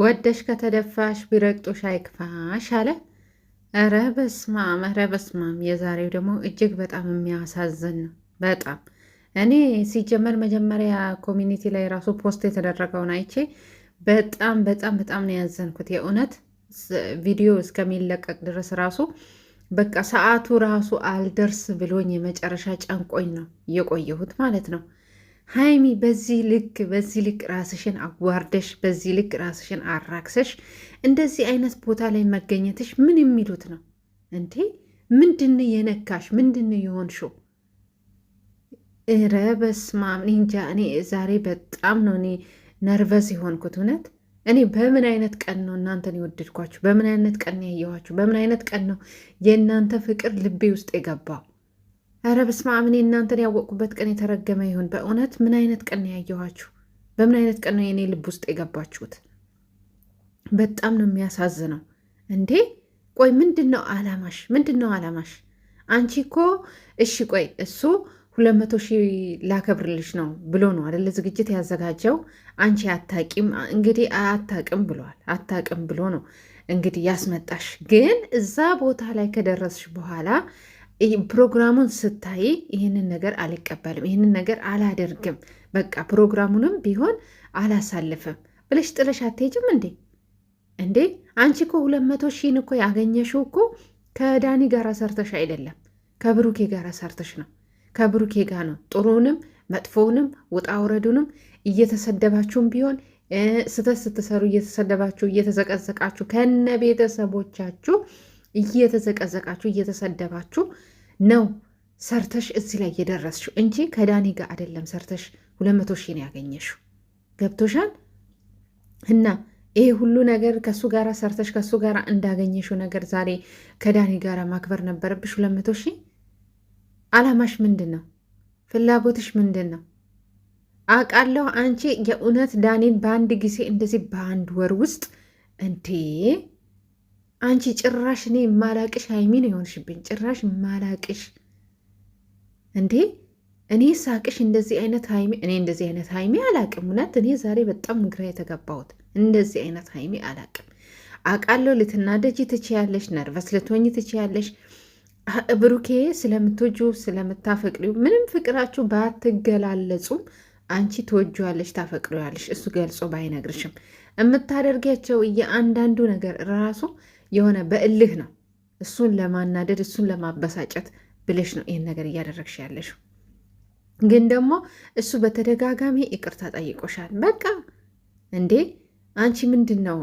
ወደሽ ከተደፋሽ ቢረግጦሽ አይክፋሽ አለ። ኧረ በስማም ኧረ በስማም። የዛሬው ደግሞ እጅግ በጣም የሚያሳዝን ነው። በጣም እኔ ሲጀመር መጀመሪያ ኮሚኒቲ ላይ ራሱ ፖስት የተደረገውን አይቼ በጣም በጣም በጣም ነው ያዘንኩት። የእውነት ቪዲዮ እስከሚለቀቅ ድረስ ራሱ በቃ ሰዓቱ ራሱ አልደርስ ብሎኝ የመጨረሻ ጨንቆኝ ነው የቆየሁት ማለት ነው። ሀይሚ በዚህ ልክ በዚህ ልክ ራስሽን አዋርደሽ በዚህ ልክ ራስሽን አራክሰሽ እንደዚህ አይነት ቦታ ላይ መገኘትሽ ምን የሚሉት ነው እንዴ? ምንድን የነካሽ ምንድን የሆንሽው? እረ በስመ አብ እንጃ። እኔ ዛሬ በጣም ነው እኔ ነርቨስ የሆንኩት እውነት። እኔ በምን አይነት ቀን ነው እናንተን የወደድኳችሁ? በምን አይነት ቀን ያየኋችሁ? በምን አይነት ቀን ነው የእናንተ ፍቅር ልቤ ውስጥ የገባው? ኧረ በስመ አብ! እኔ እናንተን ያወቅኩበት ቀን የተረገመ ይሁን። በእውነት ምን አይነት ቀን ነው ያየኋችሁ? በምን አይነት ቀን ነው የእኔ ልብ ውስጥ የገባችሁት? በጣም ነው የሚያሳዝነው። እንዴ ቆይ ምንድን ነው አላማሽ? ምንድን ነው አላማሽ? አንቺ እኮ እሺ ቆይ እሱ ሁለት መቶ ሺህ ላከብርልሽ ነው ብሎ ነው አደለ ዝግጅት ያዘጋጀው። አንቺ አታቂም እንግዲህ አታቅም ብሏል። አታቅም ብሎ ነው እንግዲህ ያስመጣሽ። ግን እዛ ቦታ ላይ ከደረስሽ በኋላ ፕሮግራሙን ስታይ ይህንን ነገር አልቀበልም፣ ይህንን ነገር አላደርግም፣ በቃ ፕሮግራሙንም ቢሆን አላሳልፍም ብለሽ ጥለሽ አትሄጅም እንዴ? እንዴ አንቺ እኮ ሁለት መቶ ሺህን እኮ ያገኘሽው እኮ ከዳኒ ጋር ሰርተሽ አይደለም ከብሩኬ ጋር ሰርተሽ ነው። ከብሩኬ ጋር ነው ጥሩንም መጥፎውንም ውጣ ውረዱንም እየተሰደባችሁም ቢሆን ስተት ስትሰሩ እየተሰደባችሁ እየተዘቀዘቃችሁ ከነ ቤተሰቦቻችሁ እየተዘቀዘቃችሁ እየተሰደባችሁ ነው ሰርተሽ እዚህ ላይ የደረስሽው እንጂ ከዳኒ ጋር አይደለም። ሰርተሽ ሁለት መቶ ሺህ ነው ያገኘሽው። ገብቶሻል? እና ይሄ ሁሉ ነገር ከሱ ጋራ ሰርተሽ ከሱ ጋራ እንዳገኘሽው ነገር ዛሬ ከዳኒ ጋር ማክበር ነበረብሽ። ሁለት መቶ ሺህ አላማሽ ምንድን ነው? ፍላጎትሽ ምንድን ነው? አውቃለሁ አንቺ የእውነት ዳኒን በአንድ ጊዜ እንደዚህ በአንድ ወር ውስጥ እንዴ አንቺ ጭራሽ እኔ ማላቅሽ ሀይሚ ነው የሆንሽብኝ። ጭራሽ ማላቅሽ እንዴ! እኔ ሳቅሽ እንደዚህ አይነት ሀይሚ እኔ እንደዚህ አይነት ሀይሚ አላቅም። እውነት እኔ ዛሬ በጣም ግራ የተገባሁት እንደዚህ አይነት ሀይሚ አላቅም። አውቃለሁ ልትናደጂ ትችያለሽ፣ ነርቨስ ልትሆኝ ትችያለሽ። ብሩኬ ስለምትወጁ ስለምታፈቅሪው ምንም ፍቅራችሁ ባትገላለጹም አንቺ ትወጂዋለሽ፣ ታፈቅሪዋለሽ። እሱ ገልጾ ባይነግርሽም የምታደርጊያቸው የአንዳንዱ ነገር ራሱ የሆነ በእልህ ነው። እሱን ለማናደድ እሱን ለማበሳጨት ብለሽ ነው ይህን ነገር እያደረግሽ ያለሽ። ግን ደግሞ እሱ በተደጋጋሚ ይቅርታ ጠይቆሻል። በቃ እንዴ አንቺ ምንድን ነው?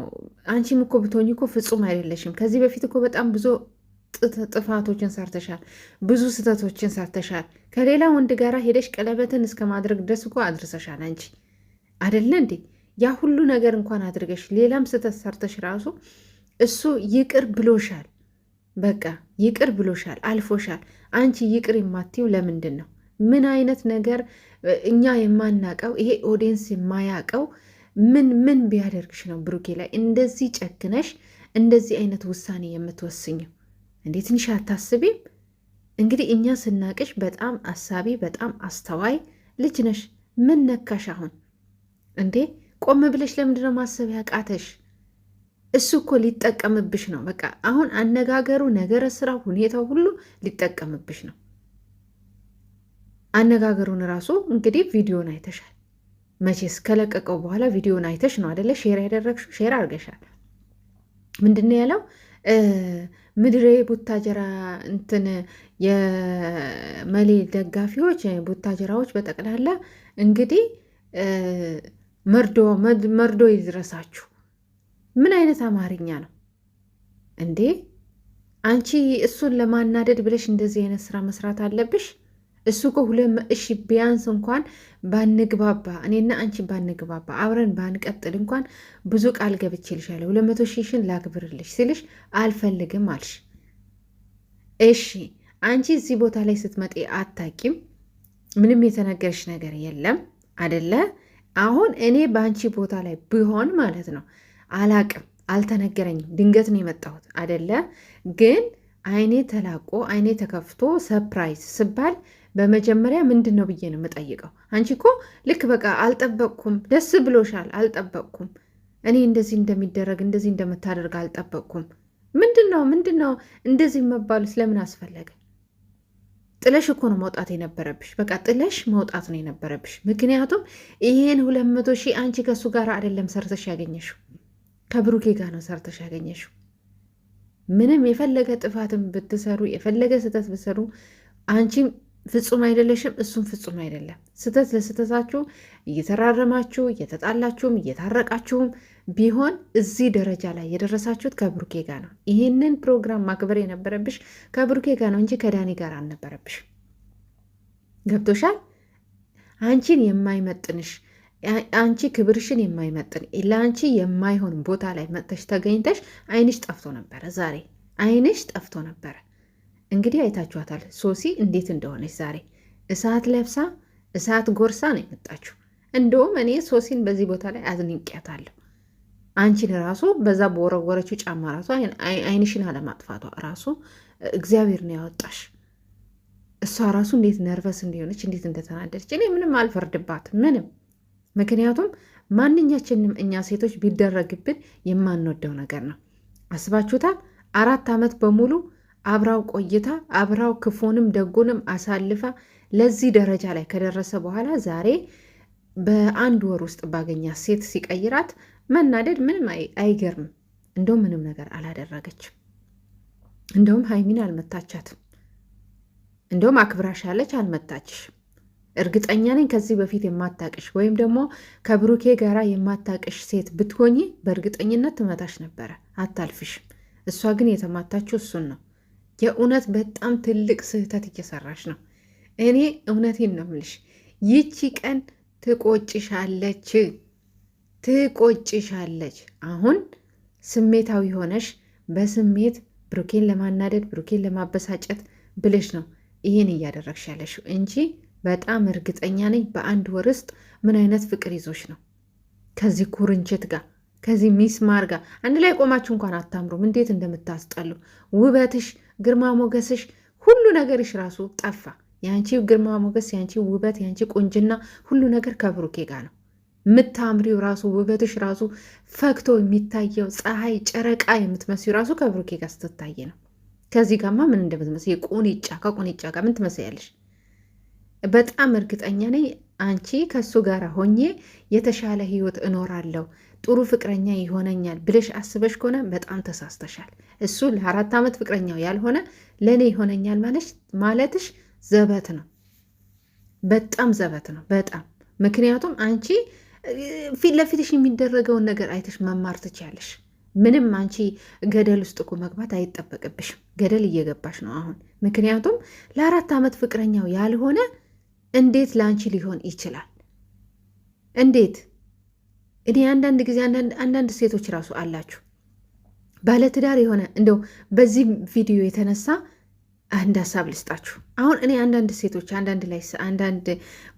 አንቺም እኮ ብትሆኝ እኮ ፍጹም አይደለሽም። ከዚህ በፊት እኮ በጣም ብዙ ጥፋቶችን ሰርተሻል፣ ብዙ ስህተቶችን ሰርተሻል። ከሌላ ወንድ ጋራ ሄደሽ ቀለበትን እስከ ማድረግ ድረስ እኮ አድርሰሻል። አንቺ አደለ እንዴ ያ ሁሉ ነገር እንኳን አድርገሽ ሌላም ስህተት ሰርተሽ ራሱ እሱ ይቅር ብሎሻል፣ በቃ ይቅር ብሎሻል፣ አልፎሻል። አንቺ ይቅር የማትይው ለምንድን ነው? ምን አይነት ነገር እኛ የማናቀው ይሄ ኦዲየንስ የማያቀው ምን ምን ቢያደርግሽ ነው ብሩኬ ላይ እንደዚህ ጨክነሽ እንደዚህ አይነት ውሳኔ የምትወስኝው? እንዴ ትንሽ አታስቢም? እንግዲህ እኛ ስናቅሽ በጣም አሳቢ በጣም አስተዋይ ልጅ ነሽ። ምን ነካሽ አሁን? እንዴ ቆም ብለሽ ለምንድነው ማሰብ ያቃተሽ? እሱ እኮ ሊጠቀምብሽ ነው። በቃ አሁን አነጋገሩ፣ ነገረ ስራ፣ ሁኔታው ሁሉ ሊጠቀምብሽ ነው። አነጋገሩን ራሱ እንግዲህ ቪዲዮን አይተሻል። መቼስ ከለቀቀው በኋላ ቪዲዮን አይተሽ ነው አደለ? ሼር ያደረግሽው ሼር አድርገሻል። ምንድን ነው ያለው? ምድሬ ቡታጀራ እንትን የመሌ ደጋፊዎች ቡታጀራዎች በጠቅላላ እንግዲህ መርዶ መርዶ ይድረሳችሁ ምን አይነት አማርኛ ነው እንዴ? አንቺ እሱን ለማናደድ ብለሽ እንደዚህ አይነት ስራ መስራት አለብሽ? እሱ እኮ ሁለት እሺ፣ ቢያንስ እንኳን ባንግባባ፣ እኔና አንቺ ባንግባባ፣ አብረን ባንቀጥል እንኳን ብዙ ቃል ገብቼልሻለሁ፣ ሁለት መቶ ሺሽን ላክብርልሽ ሲልሽ አልፈልግም አልሽ። እሺ፣ አንቺ እዚህ ቦታ ላይ ስትመጤ አታቂም፣ ምንም የተነገረሽ ነገር የለም አደለ? አሁን እኔ በአንቺ ቦታ ላይ ቢሆን ማለት ነው አላቅም፣ አልተነገረኝም፣ ድንገት ነው የመጣሁት አደለ። ግን አይኔ ተላቆ አይኔ ተከፍቶ ሰፕራይዝ ስባል በመጀመሪያ ምንድን ነው ብዬ ነው የምጠይቀው። አንቺ እኮ ልክ በቃ አልጠበቅኩም፣ ደስ ብሎሻል፣ አልጠበቅኩም፣ እኔ እንደዚህ እንደሚደረግ እንደዚህ እንደምታደርግ አልጠበቅኩም። ምንድን ነው ምንድን ነው እንደዚህ መባሉ ስለምን አስፈለገ? ጥለሽ እኮ ነው መውጣት የነበረብሽ። በቃ ጥለሽ መውጣት ነው የነበረብሽ። ምክንያቱም ይሄን ሁለት መቶ ሺህ አንቺ ከእሱ ጋር አይደለም ሰርተሽ ያገኘሽው ከብሩኬ ጋር ነው ሰርተሽ ያገኘሽው። ምንም የፈለገ ጥፋትም ብትሰሩ የፈለገ ስህተት ብትሰሩ አንቺም ፍጹም አይደለሽም፣ እሱም ፍጹም አይደለም። ስህተት ለስህተታችሁ እየተራረማችሁ እየተጣላችሁም እየታረቃችሁም ቢሆን እዚህ ደረጃ ላይ የደረሳችሁት ከብሩኬ ጋር ነው። ይህንን ፕሮግራም ማክበር የነበረብሽ ከብሩኬ ጋር ነው እንጂ ከዳኒ ጋር አልነበረብሽ። ገብቶሻል? አንቺን የማይመጥንሽ አንቺ ክብርሽን የማይመጥን ለአንቺ የማይሆን ቦታ ላይ መጥተሽ ተገኝተሽ አይንሽ ጠፍቶ ነበረ። ዛሬ አይንሽ ጠፍቶ ነበረ። እንግዲህ አይታችኋታል ሶሲ እንዴት እንደሆነች። ዛሬ እሳት ለብሳ እሳት ጎርሳ ነው የመጣችሁ። እንደውም እኔ ሶሲን በዚህ ቦታ ላይ አዝንቅያታለሁ። አንቺን ራሱ በዛ በወረወረችው ጫማ ራሱ አይንሽን አለማጥፋቷ ራሱ እግዚአብሔር ነው ያወጣሽ። እሷ ራሱ እንዴት ነርቨስ እንደሆነች እንዴት እንደተናደደች እኔ ምንም አልፈርድባት ምንም ምክንያቱም ማንኛችንም እኛ ሴቶች ቢደረግብን የማንወደው ነገር ነው። አስባችሁታል? አራት ዓመት በሙሉ አብራው ቆይታ አብራው ክፉንም ደጉንም አሳልፋ ለዚህ ደረጃ ላይ ከደረሰ በኋላ ዛሬ በአንድ ወር ውስጥ ባገኛት ሴት ሲቀይራት መናደድ ምንም አይገርምም። እንደውም ምንም ነገር አላደረገችም። እንደውም ሀይሚን አልመታቻትም። እንደውም አክብራሻለች፣ አልመታችሽም። እርግጠኛ ነኝ ከዚህ በፊት የማታቅሽ ወይም ደግሞ ከብሩኬ ጋራ የማታቅሽ ሴት ብትሆኚ በእርግጠኝነት ትመታሽ ነበረ፣ አታልፍሽም። እሷ ግን የተማታችው እሱን ነው። የእውነት በጣም ትልቅ ስህተት እየሰራሽ ነው። እኔ እውነቴን ነው የምልሽ፣ ይቺ ቀን ትቆጭሻለች፣ ትቆጭሻለች። አሁን ስሜታዊ ሆነሽ በስሜት ብሩኬን ለማናደድ ብሩኬን ለማበሳጨት ብለሽ ነው ይህን እያደረግሽ ያለሽው እንጂ በጣም እርግጠኛ ነኝ በአንድ ወር ውስጥ ምን አይነት ፍቅር ይዞች ነው ከዚህ ኩርንችት ጋር ከዚህ ሚስማር ጋር አንድ ላይ ቆማችሁ እንኳን አታምሩም። እንዴት እንደምታስጠሉ ውበትሽ፣ ግርማ ሞገስሽ፣ ሁሉ ነገርሽ ራሱ ጠፋ። የአንቺ ግርማ ሞገስ፣ የአንቺ ውበት፣ የአንቺ ቁንጅና ሁሉ ነገር ከብሩኬ ጋር ነው የምታምሪው። ራሱ ውበትሽ ራሱ ፈክቶ የሚታየው ፀሐይ፣ ጨረቃ የምትመስዩ ራሱ ከብሩኬ ጋር ስትታይ ነው። ከዚህ ጋማ ምን እንደምትመስል ቁንጫ፣ ከቁንጫ ጋር ምን ትመስያለሽ? በጣም እርግጠኛ ነኝ አንቺ ከእሱ ጋር ሆኜ የተሻለ ህይወት እኖራለሁ፣ ጥሩ ፍቅረኛ ይሆነኛል ብለሽ አስበሽ ከሆነ በጣም ተሳስተሻል። እሱ ለአራት ዓመት ፍቅረኛው ያልሆነ ለእኔ ይሆነኛል ማለትሽ ዘበት ነው፣ በጣም ዘበት ነው፣ በጣም ምክንያቱም አንቺ ፊት ለፊትሽ የሚደረገውን ነገር አይተሽ መማር ትችያለሽ። ምንም አንቺ ገደል ውስጥ እኮ መግባት አይጠበቅብሽም። ገደል እየገባሽ ነው አሁን። ምክንያቱም ለአራት ዓመት ፍቅረኛው ያልሆነ እንዴት ለአንቺ ሊሆን ይችላል? እንዴት እኔ አንዳንድ ጊዜ አንዳንድ ሴቶች ራሱ አላችሁ ባለትዳር የሆነ እንደው በዚህ ቪዲዮ የተነሳ አንድ ሀሳብ ልስጣችሁ። አሁን እኔ አንዳንድ ሴቶች አንዳንድ ላይ አንዳንድ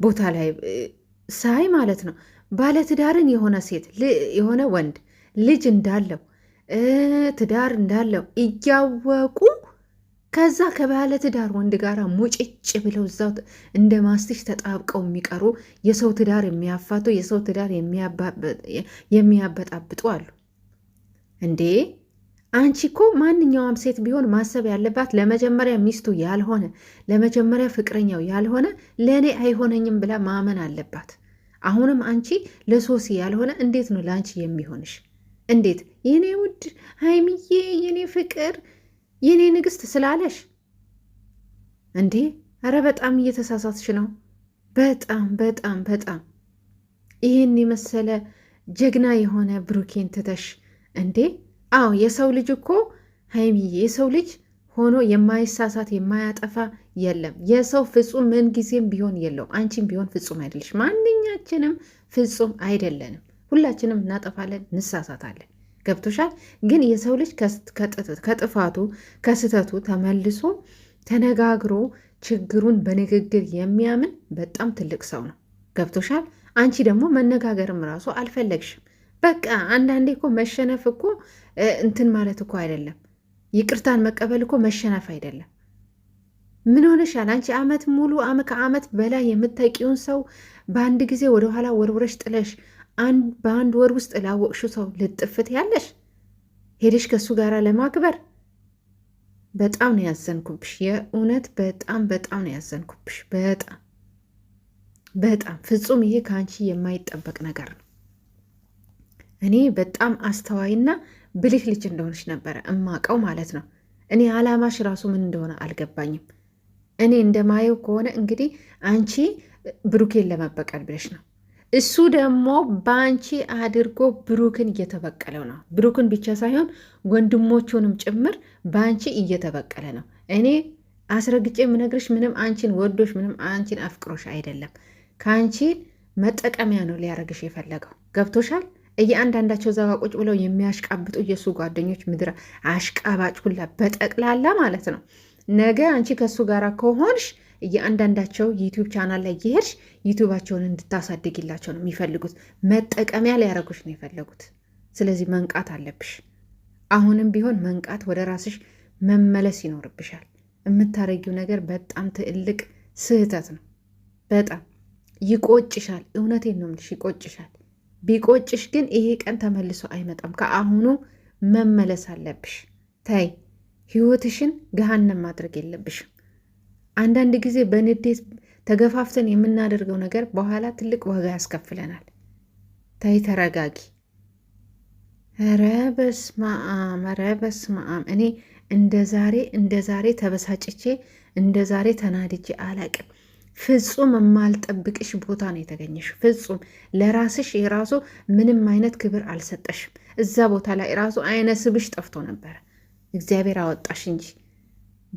ቦታ ላይ ሳይ ማለት ነው ባለትዳርን የሆነ ሴት የሆነ ወንድ ልጅ እንዳለው ትዳር እንዳለው እያወቁ ከዛ ከባለ ትዳር ወንድ ጋር ሙጭጭ ብለው እዛው እንደ ማስቲሽ ተጣብቀው የሚቀሩ የሰው ትዳር የሚያፋቱ የሰው ትዳር የሚያበጣብጡ አሉ እንዴ! አንቺ እኮ ማንኛውም ሴት ቢሆን ማሰብ ያለባት ለመጀመሪያ ሚስቱ ያልሆነ ለመጀመሪያ ፍቅረኛው ያልሆነ ለእኔ አይሆነኝም ብላ ማመን አለባት። አሁንም አንቺ ለሶሲ ያልሆነ እንዴት ነው ለአንቺ የሚሆንሽ? እንዴት የኔ ውድ ሀይሚዬ የኔ ፍቅር የእኔ ንግሥት ስላለሽ እንዴ? እረ በጣም እየተሳሳትሽ ነው። በጣም በጣም በጣም ይህን የመሰለ ጀግና የሆነ ብሩኬን ትተሽ እንዴ? አዎ የሰው ልጅ እኮ ሀይሚዬ፣ የሰው ልጅ ሆኖ የማይሳሳት የማያጠፋ የለም። የሰው ፍጹም ምንጊዜም ቢሆን የለውም። አንቺም ቢሆን ፍጹም አይደለሽ። ማንኛችንም ፍጹም አይደለንም። ሁላችንም እናጠፋለን፣ እንሳሳታለን። ገብቶሻል። ግን የሰው ልጅ ከጥፋቱ ከስህተቱ ተመልሶ ተነጋግሮ ችግሩን በንግግር የሚያምን በጣም ትልቅ ሰው ነው። ገብቶሻል። አንቺ ደግሞ መነጋገርም ራሱ አልፈለግሽም። በቃ አንዳንዴ እኮ መሸነፍ እኮ እንትን ማለት እኮ አይደለም። ይቅርታን መቀበል እኮ መሸነፍ አይደለም። ምን ሆነሻል አንቺ? አመት ሙሉ ከአመት በላይ የምታውቂውን ሰው በአንድ ጊዜ ወደኋላ ወርውረሽ ጥለሽ በአንድ ወር ውስጥ ላወቅሽው ሰው ልጥፍት ያለሽ ሄደሽ ከእሱ ጋር ለማክበር በጣም ነው ያዘንኩብሽ። የእውነት በጣም በጣም ነው ያዘንኩብሽ። በጣም በጣም ፍጹም፣ ይሄ ከአንቺ የማይጠበቅ ነገር ነው። እኔ በጣም አስተዋይና ብልህ ልጅ እንደሆነች ነበረ እማቀው ማለት ነው። እኔ አላማሽ ራሱ ምን እንደሆነ አልገባኝም። እኔ እንደማየው ከሆነ እንግዲህ አንቺ ብሩኬን ለመበቀል ብለሽ ነው እሱ ደግሞ በአንቺ አድርጎ ብሩክን እየተበቀለው ነው። ብሩክን ብቻ ሳይሆን ወንድሞቹንም ጭምር በአንቺ እየተበቀለ ነው። እኔ አስረግጬ የምነግርሽ ምንም አንቺን ወዶሽ ምንም አንቺን አፍቅሮሽ አይደለም። ከአንቺ መጠቀሚያ ነው ሊያረግሽ የፈለገው ገብቶሻል። እያንዳንዳቸው እዛ ቁጭ ብለው የሚያሽቃብጡ የእሱ ጓደኞች ምድረ አሽቃባጭ ሁላ በጠቅላላ ማለት ነው ነገ አንቺ ከእሱ ጋር ከሆንሽ እያንዳንዳቸው ዩቲዩብ ቻናል ላይ ይሄድሽ ዩቱባቸውን እንድታሳድግላቸው ነው የሚፈልጉት። መጠቀሚያ ሊያደርጉሽ ነው የፈለጉት። ስለዚህ መንቃት አለብሽ። አሁንም ቢሆን መንቃት፣ ወደ ራስሽ መመለስ ይኖርብሻል። የምታረጊው ነገር በጣም ትልቅ ስህተት ነው። በጣም ይቆጭሻል። እውነቴን ነው የምልሽ፣ ይቆጭሻል። ቢቆጭሽ ግን ይሄ ቀን ተመልሶ አይመጣም። ከአሁኑ መመለስ አለብሽ። ተይ ህይወትሽን ገሃነም ማድረግ የለብሽም። አንዳንድ ጊዜ በንዴት ተገፋፍተን የምናደርገው ነገር በኋላ ትልቅ ዋጋ ያስከፍለናል። ታይ ተረጋጊ። ኧረ በስመ አብ፣ ኧረ በስመ አብ። እኔ እንደ ዛሬ እንደ ዛሬ ተበሳጭቼ እንደ ዛሬ ተናድጄ አላቅም። ፍጹም የማልጠብቅሽ ቦታ ነው የተገኘሽ። ፍጹም ለራስሽ የራሱ ምንም አይነት ክብር አልሰጠሽም። እዛ ቦታ ላይ ራሱ አይነ ስብሽ ጠፍቶ ነበረ። እግዚአብሔር አወጣሽ እንጂ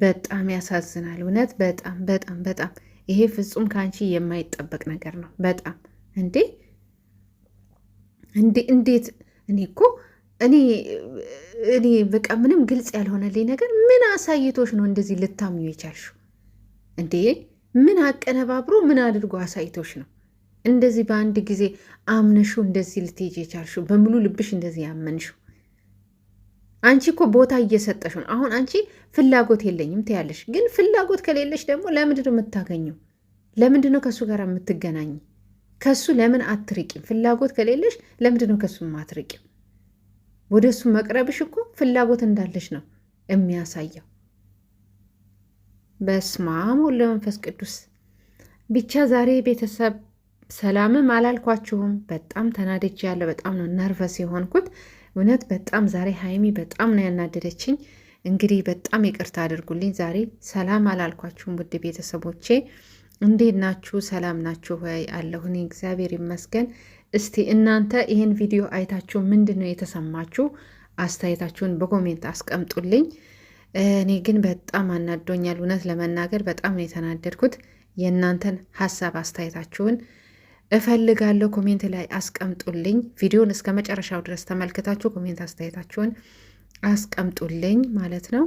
በጣም ያሳዝናል። እውነት በጣም በጣም በጣም ይሄ ፍጹም ከአንቺ የማይጠበቅ ነገር ነው። በጣም እንዴ እንዴ እንዴት እኔ እኮ እኔ እኔ በቃ ምንም ግልጽ ያልሆነልኝ ነገር ምን አሳይቶች ነው እንደዚህ ልታምኙ የቻልሽው? እንዴ ምን አቀነባብሮ ምን አድርጎ አሳይቶች ነው እንደዚህ በአንድ ጊዜ አምነሹ እንደዚህ ልትሄጂ የቻልሽው? በሙሉ ልብሽ እንደዚህ ያመንሽው አንቺ እኮ ቦታ እየሰጠሽ ነው። አሁን አንቺ ፍላጎት የለኝም ትያለሽ፣ ግን ፍላጎት ከሌለሽ ደግሞ ለምንድን ነው የምታገኘው? ለምንድን ነው ከእሱ ጋር የምትገናኝ? ከእሱ ለምን አትርቂም? ፍላጎት ከሌለሽ ለምንድን ነው ከእሱ አትርቂም? ወደ እሱ መቅረብሽ እኮ ፍላጎት እንዳለሽ ነው የሚያሳየው። በስመ አብ ወወልድ ወመንፈስ ቅዱስ። ብቻ ዛሬ ቤተሰብ ሰላምም አላልኳችሁም። በጣም ተናድጄ ያለ በጣም ነው ነርቨስ የሆንኩት። እውነት በጣም ዛሬ ሀይሚ በጣም ነው ያናደደችኝ። እንግዲህ በጣም ይቅርታ አድርጉልኝ። ዛሬ ሰላም አላልኳችሁም ውድ ቤተሰቦቼ፣ እንዴት ናችሁ? ሰላም ናችሁ ወይ? አለሁ እኔ እግዚአብሔር ይመስገን። እስቲ እናንተ ይህን ቪዲዮ አይታችሁ ምንድን ነው የተሰማችሁ? አስተያየታችሁን በኮሜንት አስቀምጡልኝ። እኔ ግን በጣም አናዶኛል። እውነት ለመናገር በጣም ነው የተናደድኩት። የእናንተን ሀሳብ አስተያየታችሁን እፈልጋለሁ። ኮሜንት ላይ አስቀምጡልኝ። ቪዲዮን እስከ መጨረሻው ድረስ ተመልክታችሁ ኮሜንት አስተያየታችሁን አስቀምጡልኝ ማለት ነው።